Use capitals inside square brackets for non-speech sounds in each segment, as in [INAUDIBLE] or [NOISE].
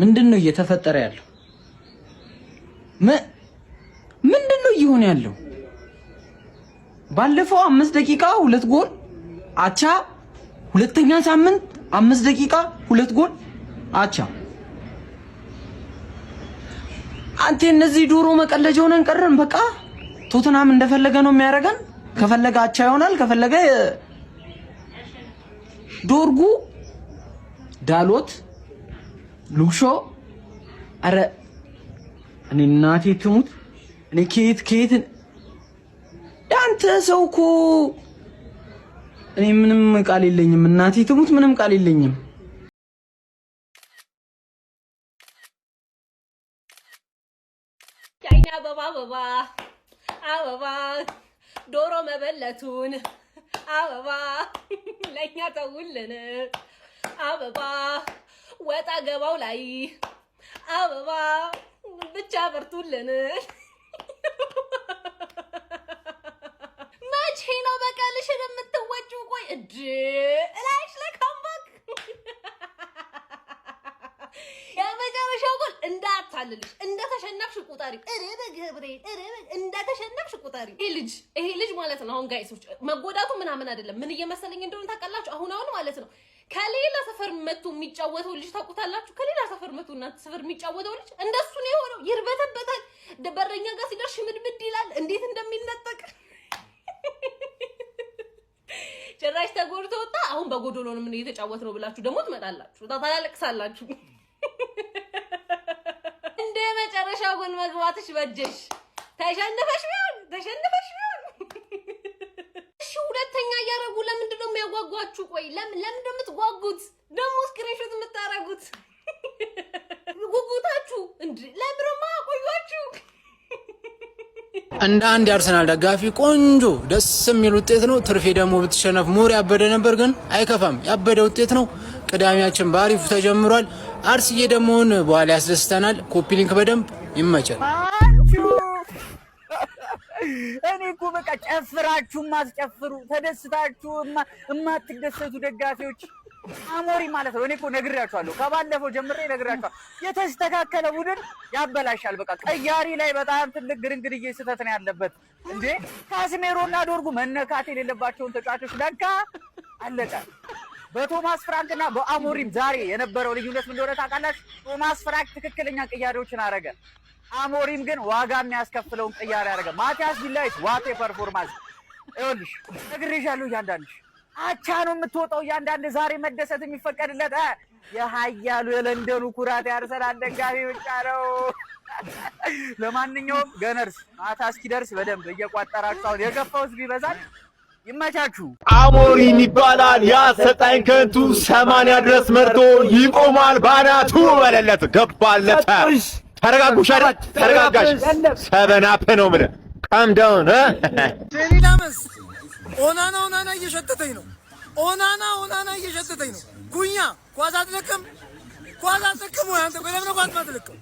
ምንድን ነው እየተፈጠረ ያለው? ምንድን ነው እየሆነ ያለው? ባለፈው አምስት ደቂቃ ሁለት ጎል አቻ፣ ሁለተኛ ሳምንት አምስት ደቂቃ ሁለት ጎል አቻ። አንተ እነዚህ ዶሮ መቀለጃ ሆነን ቀረን። በቃ ቶትናም እንደፈለገ ነው የሚያደርገን። ከፈለገ አቻ ይሆናል፣ ከፈለገ ዶርጉ ዳሎት ልቅሶ አረ እኔ እናቴ ትሙት። እኔ ከየት ከየት ያንተ ሰው እኮ እኔ ምንም ቃል የለኝም። እናቴ ትሙት ምንም ቃል የለኝም። ቻይና አበባ አበባ አበባ ዶሮ መበለቱን አበባ ለእኛ ተውልን አበባ ወጣ ገባው ላይ አበባ ብቻ በርቱልን። መቼ ነው በቀልሽን የምትወጪው? ቆይ እድ እላይሽ ለካምባክ ካምባክ የመጨረሻው ጎል እንዳታልልሽ፣ እንደተሸነፍሽ ቁጠሪ። እረ በገብርኤል እረ እንደተሸነፍሽ ቁጠሪ። ይሄ ልጅ ይሄ ልጅ ማለት ነው አሁን ጋይሶች፣ መጎዳቱ ምናምን አይደለም። ምን እየመሰለኝ እንደሆነ ታውቃላችሁ? አሁን አሁን ማለት ነው ከሌላ ሰፈር መጥቶ የሚጫወተው ልጅ ታውቁታላችሁ። ከሌላ ሰፈር መጥቶ እናንተ ሰፈር የሚጫወተው ልጅ እንደሱ ነው የሆነው። ይርበተበታል። በረኛ ጋር ሲደርስ ሽምድምድ ይላል። እንዴት እንደሚነጠቅ [LAUGHS] ጭራሽ ተጎድቶ ወጣ። አሁን በጎዶሎ ነው ምን እየተጫወት ነው ብላችሁ ደግሞ ትመጣላችሁ፣ ታላለቅሳላችሁ። [LAUGHS] እንደ መጨረሻ ጎን መግባትሽ በጀሽ። ተሸንፈሽ ቢሆን ተሸንፈሽ እያደረጉ ለምንድን ነው የሚያጓጓችሁ? ቆይ ለምን ነው የምትጓጉት ደግሞ ስክሪንሾት የምታረጉት? ጉጉታችሁ እንዲ ለምንድነው ማያቆያችሁ? እንደ አንድ የአርሰናል ደጋፊ ቆንጆ ደስ የሚል ውጤት ነው። ትርፌ ደግሞ ብትሸነፍ ሞር ያበደ ነበር፣ ግን አይከፋም። ያበደ ውጤት ነው። ቅዳሜያችን በአሪፉ ተጀምሯል። አርስዬ ደግሞ በኋላ ያስደስተናል። ሊንክ በደንብ ይመቻል። እኔ እኮ በቃ ጨፍራችሁ ማስጨፍሩ ተደስታችሁ የማትደሰቱ ደጋፊዎች አሞሪ ማለት ነው። እኔ እኮ ነግሬያችኋለሁ፣ ከባለፈው ጀምሬ ነግሬያችኋለሁ። የተስተካከለ ቡድን ያበላሻል። በቃ ቀያሪ ላይ በጣም ትልቅ ግርንግድዬ ስህተት ነው ያለበት። እንዴ ካስሜሮና ዶርጉ መነካት የሌለባቸውን ተጫዋቾች ነካ። አለቀ። በቶማስ ፍራንክ እና በአሞሪም ዛሬ የነበረው ልዩነት ምን እንደሆነ ታውቃላችሁ? ቶማስ ፍራንክ ትክክለኛ ቅያሪዎችን አረገ። አሞሪም ግን ዋጋ የሚያስከፍለውን ቅያሬ ያደረገ ማቲያስ ቢላይት ዋቴ ፐርፎርማንስ ይኸውልሽ፣ እነግርሻለሁ። እያንዳንድሽ አቻ ነው የምትወጣው። እያንዳንድ ዛሬ መደሰት የሚፈቀድለት የሀያሉ የለንደኑ ኩራት የአርሰናል ደጋፊ ብቻ ነው። ለማንኛውም ገነርስ ማታ እስኪደርስ በደንብ እየቋጠራችሁ አሁን የገፋውስ ቢበዛል ይመቻችሁ። አሞሪም ይባላል ያሰጣኝ ከንቱ ሰማንያ ድረስ መርቶ ይቆማል ባናቱ በለለት ገባለት ተረጋጉ። ሸረጥ ተረጋጋሽ። ሰበናፕ ነው የምልህ። ቃም ዳውን ቴሊዳመስ ኦናና ኦናና እየሸተተኝ ነው። ኦናና ኦናና እየሸተተኝ ነው። ኩኛ ኳስ አትለቅም፣ ኳስ አትለቅም ወይ አንተ? በደምብ ኳስ አትለቅም።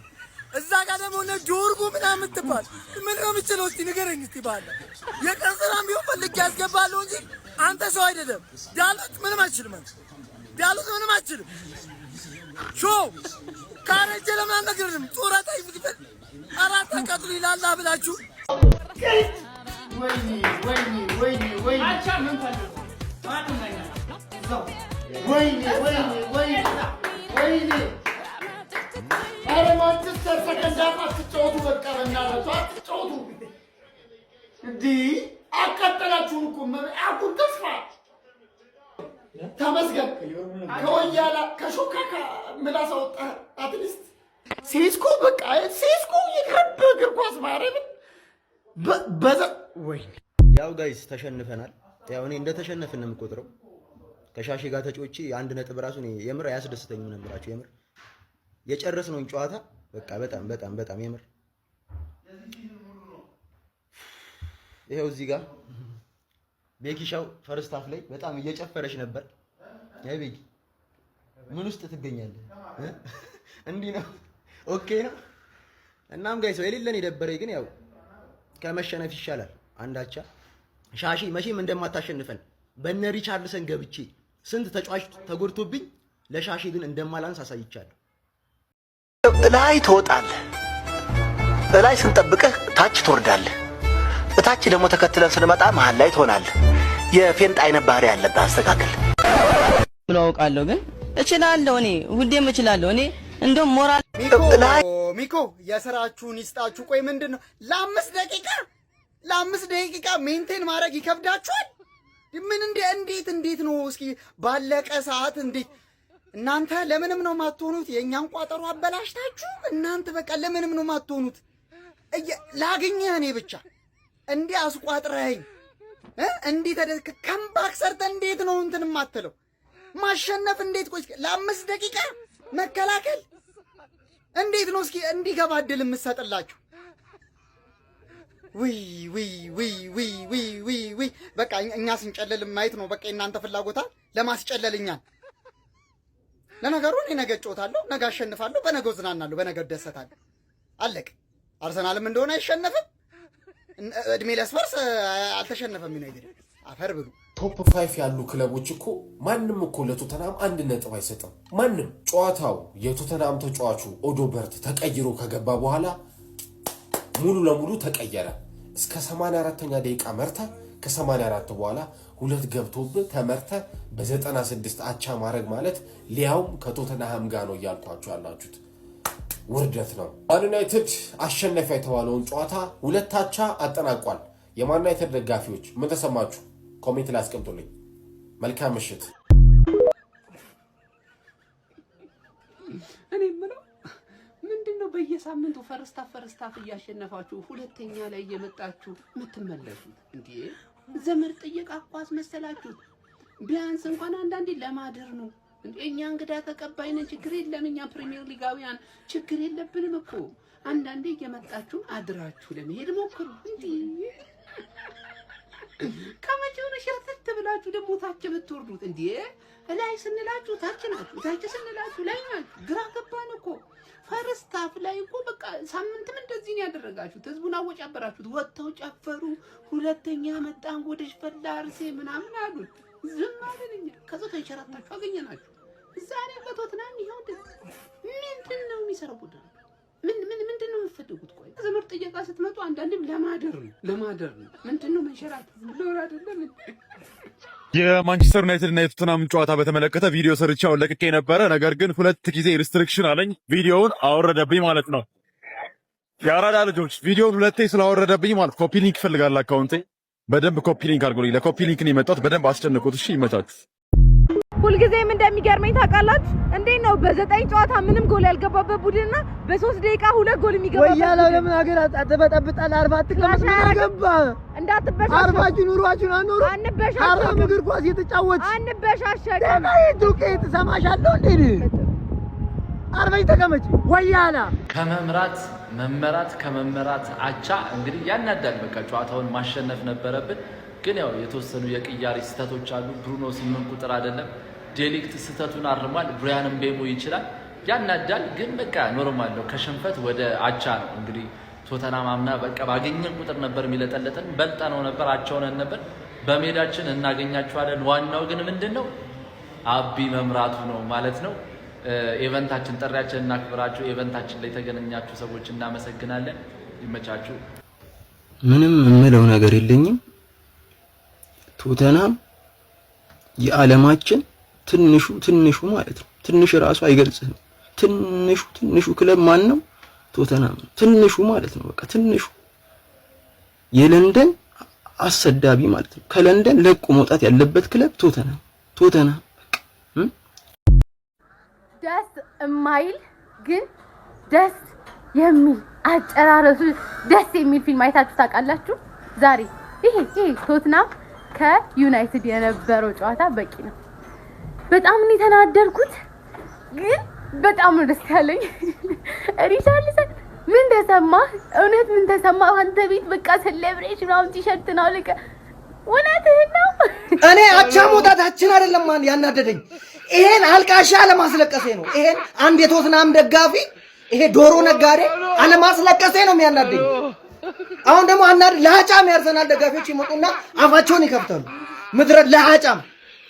እዛ ጋር ደግሞ እነ ጆርጉ ምናምን የምትባል ምንድን ነው የምችለው? እስኪ ንገረኝ እስኪ ባለ የቀን ስራም ቢሆን ፈልጌ ያስገባለሁ እንጂ Antes oynadım. Diyalog mı açılımım. Diyalog benim açılım. Şov. Kahretçelerimden de girdim. Tuğra bu gibi. Arata kadrıyla Allah'ı bilen şu. Wayne, Wayne, Wayne, Wayne. Açam ben tanıdım. Tanıdım ben. Wayne, Wayne, Wayne. Wayne. Ara Manchester Second Half attıkça oldu bakalım. Değil. ያቃጠላችሁን እኮ ተስፋ ተመስገን ከወያላ ከሾካካ ምላስ አወጣ። አትሊስት ሴስኮ በቃ ሴስኮ እግር ኳስ ወይ ያው ጋይስ ተሸንፈናል። ያው እኔ ነው የምቆጥረው። ጋር ተጫውቼ ነጥብ ራሱ እኔ የምር አያስደስተኝም ነበራቸው። የምር የጨረስነውን ጨዋታ በቃ በጣም በጣም በጣም የምር ይሄው እዚህ ጋር ቤኪሻው ፈርስት አፍ ላይ በጣም እየጨፈረች ነበር። አይ ቤኪ ምን ውስጥ ትገኛለህ? እንዲህ ነው ኦኬ ነው። እናም ጋይ ሰው የሌለን የደበረኝ ግን ያው ከመሸነፍ ይሻላል አንዳቻ ሻሺ መቼም እንደማታሸንፈን በነ ሪቻርድሰን ገብቼ ስንት ተጫዋች ተጎድቶብኝ ለሻሺ ግን እንደማላንስ አሳይቻለሁ። እላይ ትወጣለህ፣ እላይ ስንጠብቅህ ታች ትወርዳለህ። እታች ደግሞ ተከትለን ስንመጣ መሀል ላይ ትሆናለህ። የፌንጥ አይነት ባህሪ ያለብህ አስተካክል ብለውቃለሁ ግን እችላለሁ፣ እኔ ሁሌም እችላለሁ። እኔ እንደውም ሞራል ሚኮ የስራችሁን ይስጣችሁ። ቆይ ምንድን ነው ለአምስት ደቂቃ ለአምስት ደቂቃ ሜንቴን ማድረግ ይከብዳችኋል? ምን እንደ እንዴት እንዴት ነው እስኪ ባለቀ ሰዓት እንዴት እናንተ ለምንም ነው የማትሆኑት? የእኛን ቋጠሮ አበላሽታችሁ እናንተ በቃ ለምንም ነው የማትሆኑት? ላግኘህ እኔ ብቻ እንዲህ አስቋጥረኸኝ እንዲህ ተደስከ ከምባክ ሰርተ እንዴት ነው እንትን የማትለው? ማሸነፍ እንዴት ቆይ ለአምስት ደቂቃ መከላከል እንዴት ነው? እስኪ እንዲገባ እድል የምትሰጥላችሁ? ውይ ውይ ውይ ውይ ውይ ውይ ውይ በቃ እኛ ስንጨለል ማየት ነው በቃ እናንተ ፍላጎታ ለማስጨለልኛል። ለነገሩ እኔ ነገ እጮታለሁ፣ ነገ አሸንፋለሁ፣ በነገው ዝናናለሁ፣ በነገው ደሰታለሁ። አለቅ አርሰናልም እንደሆነ አይሸነፍም እድሜ ሊያስፈርስ አልተሸነፈም ዩናይትድ። አፈር ብሉ። ቶፕ ፋይፍ ያሉ ክለቦች እኮ ማንም እኮ ለቶተናም አንድ ነጥብ አይሰጥም። ማንም ጨዋታው የቶተናም ተጫዋቹ ኦዶበርት ተቀይሮ ከገባ በኋላ ሙሉ ለሙሉ ተቀየረ። እስከ 84 ተኛ ደቂቃ መርተ ከ84 በኋላ ሁለት ገብቶብ ተመርተ በ96 አቻ ማድረግ ማለት ሊያውም ከቶተናሃም ጋር ነው እያልኳችሁ ያላችሁት ውርደት ነው። ማን ዩናይትድ አሸነፈ የተባለውን ጨዋታ ሁለት አቻ አጠናቋል። የማን ዩናይትድ ደጋፊዎች ምን ተሰማችሁ? ኮሜንት ላይ አስቀምጡልኝ። መልካም ምሽት። እኔ የምለው ምንድን ነው በየሳምንቱ ፈርስታ ፈርስታፍ እያሸነፋችሁ ሁለተኛ ላይ እየመጣችሁ የምትመለሱት እንዴ? ዘመድ ጥየቃ ኳስ መሰላችሁ? ቢያንስ እንኳን አንዳንዴ ለማደር ነው። እንዴ እኛ እንግዳ ተቀባይ ነን። ችግር የለም። እኛ ፕሪሚየር ሊጋውያን ችግር የለብንም እኮ አንዳንዴ እየመጣችሁ አድራችሁ ለመሄድ ሞክሩ። እንዴ ከመቼው ነው ሸርተት ብላችሁ ደግሞ ታች የምትወርዱት? እንዴ እላይ ስንላችሁ ታች ናችሁ፣ ታች ስንላችሁ ላይ ናችሁ። ግራ ገባን እኮ ፈርስታፍ ላይ እኮ በቃ ሳምንትም እንደዚህ ነው ያደረጋችሁት። ህዝቡን አወጫበራችሁት። ወጥተው ጨፈሩ። ሁለተኛ መጣን ጎደሽ ፈላ እርሴ ምናምን አሉት። ዝም አለንኛ። ከዛ ተንሸራታችሁ አገኘናችሁ። ዛሬ ፈቶትናን ይኸው ደ ምንድን ነው የሚሰራ ቡድን ምን ምን ምንድን ነው የምትፈልጉት? ቆይ ዘመድ ጥየቃ ስትመጡ አንዳንድም ለማደር ነው ለማደር ነው ምንድን ነው መንሸራተት ብሎ አይደለም የማንቸስተር ዩናይትድ እና የቶተናም ጨዋታ በተመለከተ ቪዲዮ ሰርቻውን ለቅቄ ነበረ። ነገር ግን ሁለት ጊዜ ሪስትሪክሽን አለኝ። ቪዲዮውን አወረደብኝ ማለት ነው። የአራዳ ልጆች ቪዲዮውን ሁለቴ ስላወረደብኝ ማለት ኮፒ ሊንክ ይፈልጋል አካውንቴ። በደንብ ኮፒ ሊንክ አድርጉልኝ። ለኮፒ ሊንክ ነው የመጣሁት። በደንብ አስጨንቁት። እሺ ይመቻችሁ። ሁልጊዜም እንደሚገርመኝ ታውቃላችሁ። እንዴት ነው በዘጠኝ ጨዋታ ምንም ጎል ያልገባበት ቡድንና በሶስት ደቂቃ ሁለት ጎል የሚገባበት ወይ ያለው ለምን ሀገር አትበጠብጣል? አርባ አትቀመጥ ገባ እንዳትበሻ አርባችሁ ኑሯችሁን አኖሩ። አርባም እግር ኳስ እየተጫወች አንበሻሸገ ለማየቱ ከየት ሰማሻለሁ እንዴ? አርበኝ ተቀመጪ ወያላ ከመምራት መመራት ከመመራት አቻ እንግዲህ ያናዳል። በቃ ጨዋታውን ማሸነፍ ነበረብን። ግን ያው የተወሰኑ የቅያሪ ስህተቶች አሉ። ብሩኖ ስምንት ቁጥር አይደለም ዴሊክት ስህተቱን አርሟል። ብሪያን ምቤሞ ይችላል፣ ያናዳል። ግን በቃ ኖርማል ነው። ከሽንፈት ወደ አቻ ነው እንግዲህ ቶተናም አምና በቃ ባገኘን ቁጥር ነበር የሚለጠለጥን። በልጠነው ነበር፣ አቻ ነበር። በሜዳችን እናገኛቸዋለን። ዋናው ግን ምንድን ነው አቢ መምራቱ ነው ማለት ነው። ኤቨንታችን ጥሪያችን እናክብራችሁ። ኤቨንታችን ላይ የተገናኛችሁ ሰዎች እናመሰግናለን። ይመቻችሁ። ምንም የምለው ነገር የለኝም። ቶተናም የዓለማችን ትንሹ ትንሹ ማለት ነው። ትንሽ ራሱ አይገልጽህም። ትንሹ ትንሹ ክለብ ማን ነው? ቶተናም ትንሹ ማለት ነው። በቃ ትንሹ የለንደን አሰዳቢ ማለት ነው። ከለንደን ለቁ መውጣት ያለበት ክለብ ቶተናም ቶተናም ደስ የማይል ግን ደስ የሚል አጨራረሱ ደስ የሚል ፊልም አይታችሁ ታውቃላችሁ? ዛሬ ይሄ ይሄ ቶትናም ከዩናይትድ የነበረው ጨዋታ በቂ ነው። በጣም ነው የተናደርኩት፣ ግን በጣም ነው ደስ ያለኝ። [LAUGHS] ሪቻርሊሰን ምን ተሰማ? እውነት ምን ተሰማ? አንተ ቤት በቃ ሴሌብሬሽን ምናምን ቲሸርት ነው ልቀ እውነትህን ነው። [LAUGHS] እኔ አቻ መውጣታችን አይደለም ያናደደኝ፣ ይሄን አልቃሻ አለማስለቀሴ ነው። ይሄን አንድ የቶትናም ደጋፊ ይሄ ዶሮ ነጋዴ አለማስለቀሴ ነው የሚያናደኝ። አሁን ደግሞ አናድ ለሀጫም ያርሰናል ደጋፊዎች ይመጡና አፋቸውን ይከፍታሉ። ምድረ ለሀጫም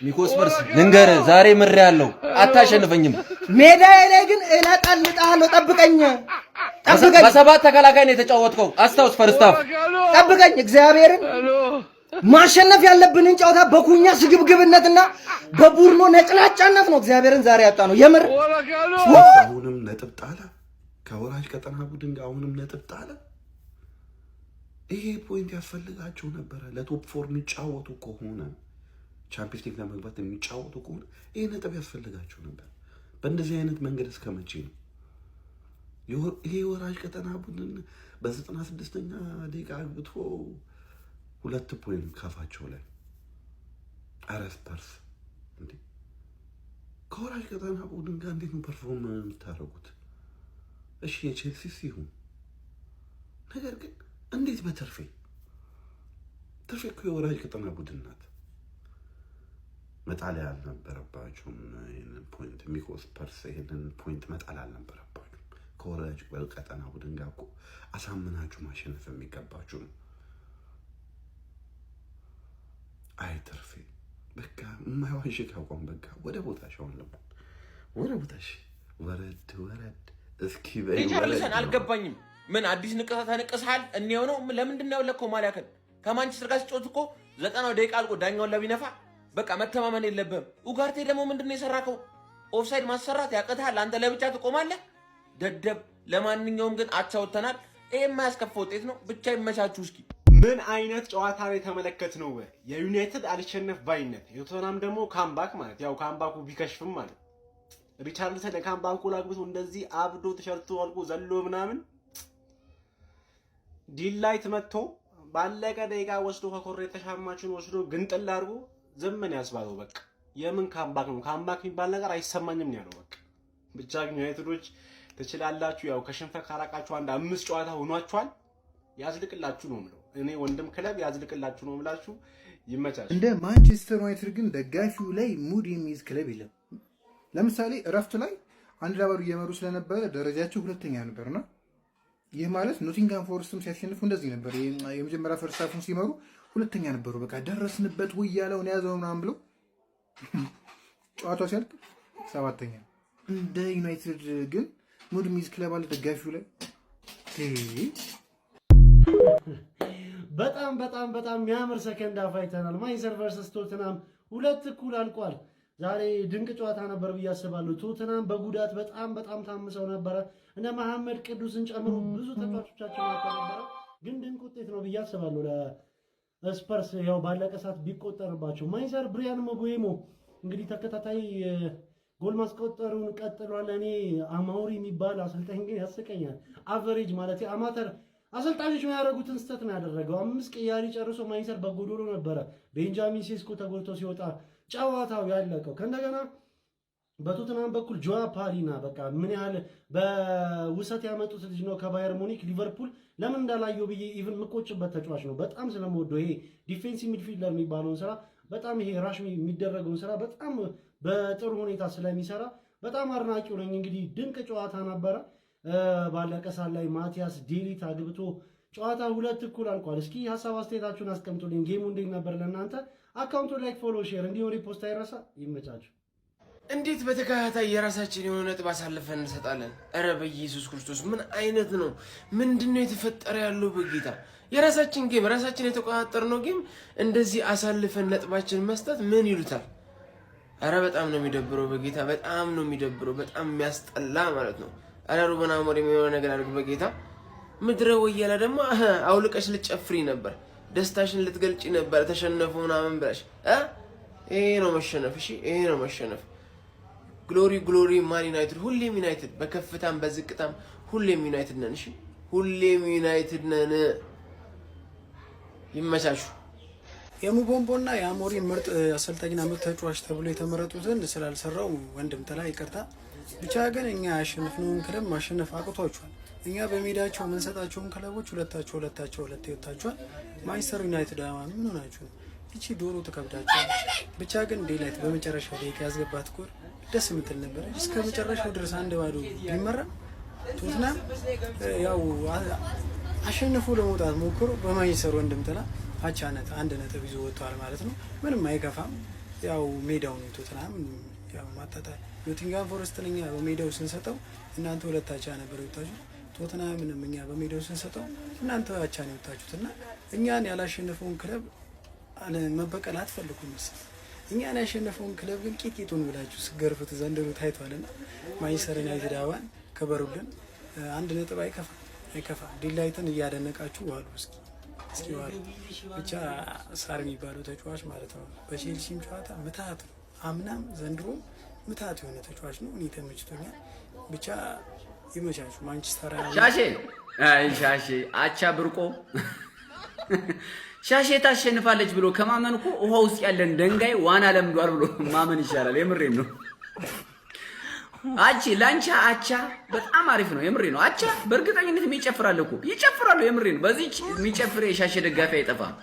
ሚኮስ መርስ ልንገር፣ ዛሬ ምር ያለው አታሸንፈኝም። ሜዳ ላይ ግን እለጠልጥሃለሁ። ጠብቀኝ፣ ጠብቀኝ። በሰባት ተከላካይ ነው የተጫወትከው። አስታውስ፣ ፈርስታፍ ጠብቀኝ። እግዚአብሔርን ማሸነፍ ያለብንን ጨዋታ በኩኛ ስግብግብነትና በቡርኖ ነጭላጫነት ነው እግዚአብሔርን ዛሬ ያጣ ነው። የምር አሁንም ነጥብ ጣለ ከወራጅ ቀጠና ቡድን ጋር አሁንም ነጥብ ጣለ። ይሄ ፖይንት ያስፈልጋቸው ነበረ። ለቶፕ ፎር የሚጫወቱ ከሆነ ቻምፒዮንስ ሊግ ለመግባት የሚጫወቱ ከሆነ ይሄ ነጥብ ያስፈልጋቸው ነበር። በእንደዚህ አይነት መንገድ እስከ መቼ ነው ይሄ ወራጅ ቀጠና ቡድን በዘጠና ስድስተኛ ደቂቃ አግብቶ ሁለት ፖይንት ካፋቸው ላይ አረስ ፐርስ እንዴ! ከወራጅ ቀጠና ቡድን ጋር እንዴት ነው ፐርፎርም የምታደርጉት? እሺ የቼልሲ ሲሆን ነገር ግን እንዴት በትርፌ ትርፌ እኮ የወራጅ ቀጠና ቡድን ናት። መጣል ያልነበረባቸውም ይህንን ፖይንት ሚኮስ ፐርስ ይህንን ፖይንት መጣል አልነበረባቸውም። ከወራጅ ቀጠና ቡድን ጋር እኮ አሳምናችሁ ማሸነፍ የሚገባችሁ ነው። አይ ትርፌ በቃ የማይዋሽ አቋም በቃ ወደ ቦታ ሻውን ልቡን ወደ ቦታ ወረድ ወረድ እስኪ በ አልገባኝም ምን አዲስ ንቅሳት ተንቅሳል? እኔው ነው ለምንድን ነው ያወለከው? ከማንቸስተር ጋር ሲጮት እኮ ዘጠናው ደቂቃ አልቆ ዳኛውን ለቢነፋ በቃ መተማመን የለብህም። ኡጋርቴ ደግሞ ምንድን ነው የሰራከው? ኦፍሳይድ ማሰራት ያቅትሃል። አንተ ለብቻ ትቆማለህ ደደብ። ለማንኛውም ግን አቻ ይህ የማያስከፋ ውጤት ነው። ብቻ ይመቻችሁ። እስኪ ምን አይነት ጨዋታ ነው የተመለከትነው? የዩናይትድ አልሸነፍ ባይነት፣ የቶተናም ደግሞ ካምባክ ማለት ያው ካምባኩ ቢከሽፍም ማለት ሪቻርልሰን የካምባኩ ላግብቶ እንደዚህ አብዶ ተሸርቶ አልቆ ዘሎ ምናምን ዲላይት መጥቶ ባለቀ ደቂቃ ወስዶ ከኮሬ የተሻማችሁን ወስዶ ግንጥል አድርጎ ዘመን ያስባለው በቃ የምን ካምባክ ነው ካምባክ የሚባል ነገር አይሰማኝም ያለው። በቃ ብቻ ግን ዩናይትዶች ትችላላችሁ። ያው ከሽንፈት ካራቃችሁ አንድ አምስት ጨዋታ ሆኗችኋል። ያዝልቅላችሁ ነው የምለው እኔ ወንድም ክለብ ያዝልቅላችሁ ነው የምላችሁ። ይመቻል። እንደ ማንቸስተር ዩናይትድ ግን ደጋፊው ላይ ሙድ የሚይዝ ክለብ የለም። ለምሳሌ እረፍት ላይ አንድ ለባዶ እየመሩ ስለነበረ ደረጃቸው ሁለተኛ ነበርና ይህ ማለት ኖቲንግሃም ፎረስትም ሲያሸንፉ እንደዚህ ነበር። የመጀመሪያ ፈርስት ሀፉን ሲመሩ ሁለተኛ ነበሩ። በቃ ደረስንበት ወይ ያለውን ያዘው ምናምን ብለው ጨዋታው ሲያልቅ ሰባተኛ። እንደ ዩናይትድ ግን ሙድ ሚዝ ክለብ አለ ደጋፊው ላይ በጣም በጣም በጣም የሚያምር ሰከንድ አፋይተናል። አይተናል። ማንችስተር ቨርሰስ ቶትናም ሁለት እኩል አልቋል። ዛሬ ድንቅ ጨዋታ ነበር ብዬ አስባለሁ። ቶትናም በጉዳት በጣም በጣም ታምሰው ነበረ። እነ መሐመድ ቅዱስን ጨምሮ ብዙ ተጫዋቾቻቸው ነበረ፣ ግን ድንቅ ውጤት ነው ብዬ አስባለሁ። ለስፐርስ ያው ባለቀ ሰዓት ቢቆጠርባቸው ማይዘር ብሪያን መጎሞ እንግዲህ ተከታታይ ጎል ማስቆጠሩን ቀጥሏል። እኔ አማውሪ የሚባል አሰልጣኝ ግን ያስቀኛል። አቨሬጅ ማለት አማተር አሰልጣኞች ያደረጉትን ስህተት ነው ያደረገው። አምስት ቅያሪ ጨርሶ ማይሰር በጎዶሎ ነበረ። ቤንጃሚን ሴስኮ ተጎድቶ ሲወጣ ጨዋታው ያለቀው። ከእንደገና በቶትናም በኩል ጆዋ ፓሊና በቃ ምን ያህል በውሰት ያመጡት ልጅ ነው ከባየር ሙኒክ። ሊቨርፑል ለምን እንዳላየው ብዬ ኢቭን የምቆጭበት ተጫዋች ነው። በጣም ስለምወደው ይሄ ዲፌንሲቭ ሚድፊልደር የሚባለውን ስራ በጣም ይሄ ራሽ የሚደረገውን ስራ በጣም በጥሩ ሁኔታ ስለሚሰራ በጣም አድናቂው ነኝ። እንግዲህ ድንቅ ጨዋታ ነበረ። ባለቀ ሰዓት ላይ ማቲያስ ዴሊት አግብቶ ጨዋታ ሁለት እኩል አልቋል። እስኪ ሀሳብ አስተያየታችሁን አስቀምጡልኝ። ጌሙ እንዴት ነበር ለእናንተ? አካውንቱ ላይ ፎሎ፣ ሼር እንዲሁ ሪፖስት አይረሳ። ይመቻችሁ። እንዴት በተከታታይ የራሳችን የሆነ ነጥብ አሳልፈን እንሰጣለን? እረ በኢየሱስ ክርስቶስ ምን አይነት ነው? ምንድን ነው የተፈጠረ ያለው? በጌታ የራሳችን ጌም ራሳችን ነው ጌም እንደዚህ አሳልፈን ነጥባችን መስጠት ምን ይሉታል? እረ በጣም ነው የሚደብረው። በጌታ በጣም ነው የሚደብረው። በጣም የሚያስጠላ ማለት ነው። እረ ሩበን አሞሪም የሆነ ነገር አድርግ በጌታ ምድረ ወያላ ደግሞ አውልቀሽ ልጨፍሪ ነበር። ደስታሽን ልትገልጪ ነበር ተሸነፉ ምናምን ብለሽ። ይሄ ነው መሸነፍ። እሺ ይሄ ነው መሸነፍ። ግሎሪ ግሎሪ ማን ዩናይትድ፣ ሁሌም ዩናይትድ፣ በከፍታም በዝቅታም ሁሌም ዩናይትድ ነን። እሺ ሁሌም ዩናይትድ ነን። ይመቻችሁ። የሙቦምቦና የአሞሪም ምርጥ አሰልጣኝና ምርጥ ተጫዋች ተብሎ የተመረጡትን ስላልሰራው ወንድም ተላይ ይቅርታ። ብቻ ግን እኛ ያሸንፍነውን ክለብ ማሸነፍ አቅቷችኋል። እኛ በሜዳቸው የምንሰጣቸውን ክለቦች ሁለታቸው ሁለታቸው ሁለት ይወታቸዋል። ማንቸስተር ዩናይትድ አማሚ ምን ሆናችሁ ነው? እቺ ዶሮ ተከብዳቸው ብቻ ግን ዴላይት በመጨረሻው ደቂቃ ያስገባት ጎል ደስ የምትል ነበር። እስከ መጨረሻው ድረስ አንድ ባዶ ቢመራ ቶትና ያው አሸንፎ ለመውጣት ሞክሮ በማንቸስተር ወንድም አቻ አቻነት አንድ ነጥብ ይዞ ወጥቷል ማለት ነው። ምንም አይከፋም። ያው ሜዳው ነው ቶትናም ያው ማጣጣል ኖቲንጋም ፎረስት እኛ በሜዳው ስንሰጠው እናንተ ሁለት አቻ ነበር ይወጣችሁ ቶትናምንም እኛ በሜዳው ስንሰጠው እናንተ አቻ ነው የወጣችሁት እና እኛን ያላሸነፈውን ክለብ መበቀል አትፈልጉም መሰለኝ። እኛን ያሸነፈውን ክለብ ግን ቂጥቂጡን ብላችሁ ስገርፉት ዘንድሮ ታይቷልና ማንችስተር ዩናይትድ አባን ከበሩልን። አንድ ነጥብ አይከፋ አይከፋ። ዲላይትን እያደነቃችሁ ዋሉ እስኪ እስኪ ዋሉ። ብቻ ሳር የሚባለው ተጫዋች ማለት ነው በቼልሲም ጨዋታ ምታት ነው። አምናም ዘንድሮ ምታት የሆነ ተጫዋች ነው። እኔ ተመችቶኛል ብቻ ይመቻችሁ። ማንቸስተር ሻሼ አይ ሻሼ አቻ ብርቆ ሻሼ ታሸንፋለች ብሎ ከማመን እኮ ውሃ ውስጥ ያለን ደንጋይ ዋና ለምዷል ብሎ ማመን ይሻላል። የምሬ ነው። አቺ ላንቻ አቻ በጣም አሪፍ ነው። የምሬ ነው። አቻ በእርግጠኝነት ይጨፍራል እኮ ይጨፍራሉ። የምሬ ነው። በዚህ የሚጨፍር የሻሼ ደጋፊ አይጠፋም።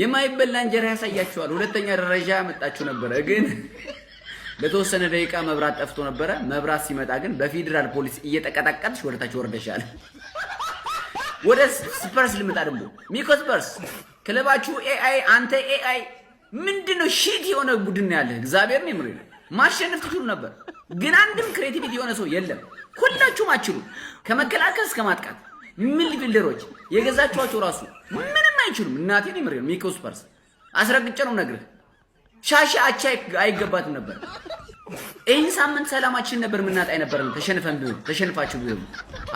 የማይበላ እንጀራ ያሳያችኋል። ሁለተኛ ደረጃ መጣችሁ ነበረ ግን ለተወሰነ ደቂቃ መብራት ጠፍቶ ነበረ። መብራት ሲመጣ ግን በፌዴራል ፖሊስ እየተቀጣቀጥሽ ወደታች ወርደሻል። ወደ ስፐርስ ልምጣ። ደግሞ ስፐርስ ክለባችሁ ኤአይ አንተ ኤአይ ምንድነው? ሺት የሆነ ቡድን ያለ እግዚአብሔር ነው የምሬን። ማሸነፍ ትችሉ ነበር፣ ግን አንድም ክሬቲቪቲ የሆነ ሰው የለም። ሁላችሁም አችሉ፣ ከመከላከል እስከ ማጥቃት ምን ቢልደሮች የገዛችኋቸው ራሱ ምንም አይችሉም። እናቴን ሚኮ ስፐርስ አስረግጬ ነው ነግርህ ሻሺ አቻ አይገባትም ነበር። ይህን ሳምንት ሰላማችን ነበር ምናጣ አይነበርም። ተሸንፈን ቢሆን ተሸንፋችሁ ቢሆን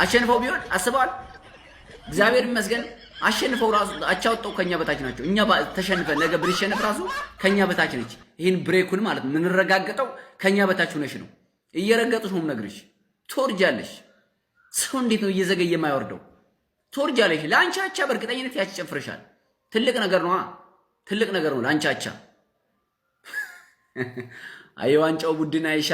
አሸንፈው ቢሆን አስበዋል። እግዚአብሔር ይመስገን አሸንፈው ራሱ አቻ ወጣው ከኛ በታች ናቸው። እኛ ተሸንፈን ነገ ብንሸንፍ ራሱ ከኛ በታች ነች። ይህን ብሬኩን ማለት የምንረጋገጠው ከኛ በታች ሆነሽ ነው። እየረገጡሽ ነው ነግርሽ፣ ትወርጃለሽ። ሰው እንዴት ነው እየዘገየ የማይወርደው? ትወርጃለሽ። ለአንቻቻ በእርግጠኝነት ያስጨፍርሻል። ትልቅ ነገር ነው፣ ትልቅ ነገር ነው ለአንቻቻ። [LAUGHS] የዋንጫው ቡድን አይሻ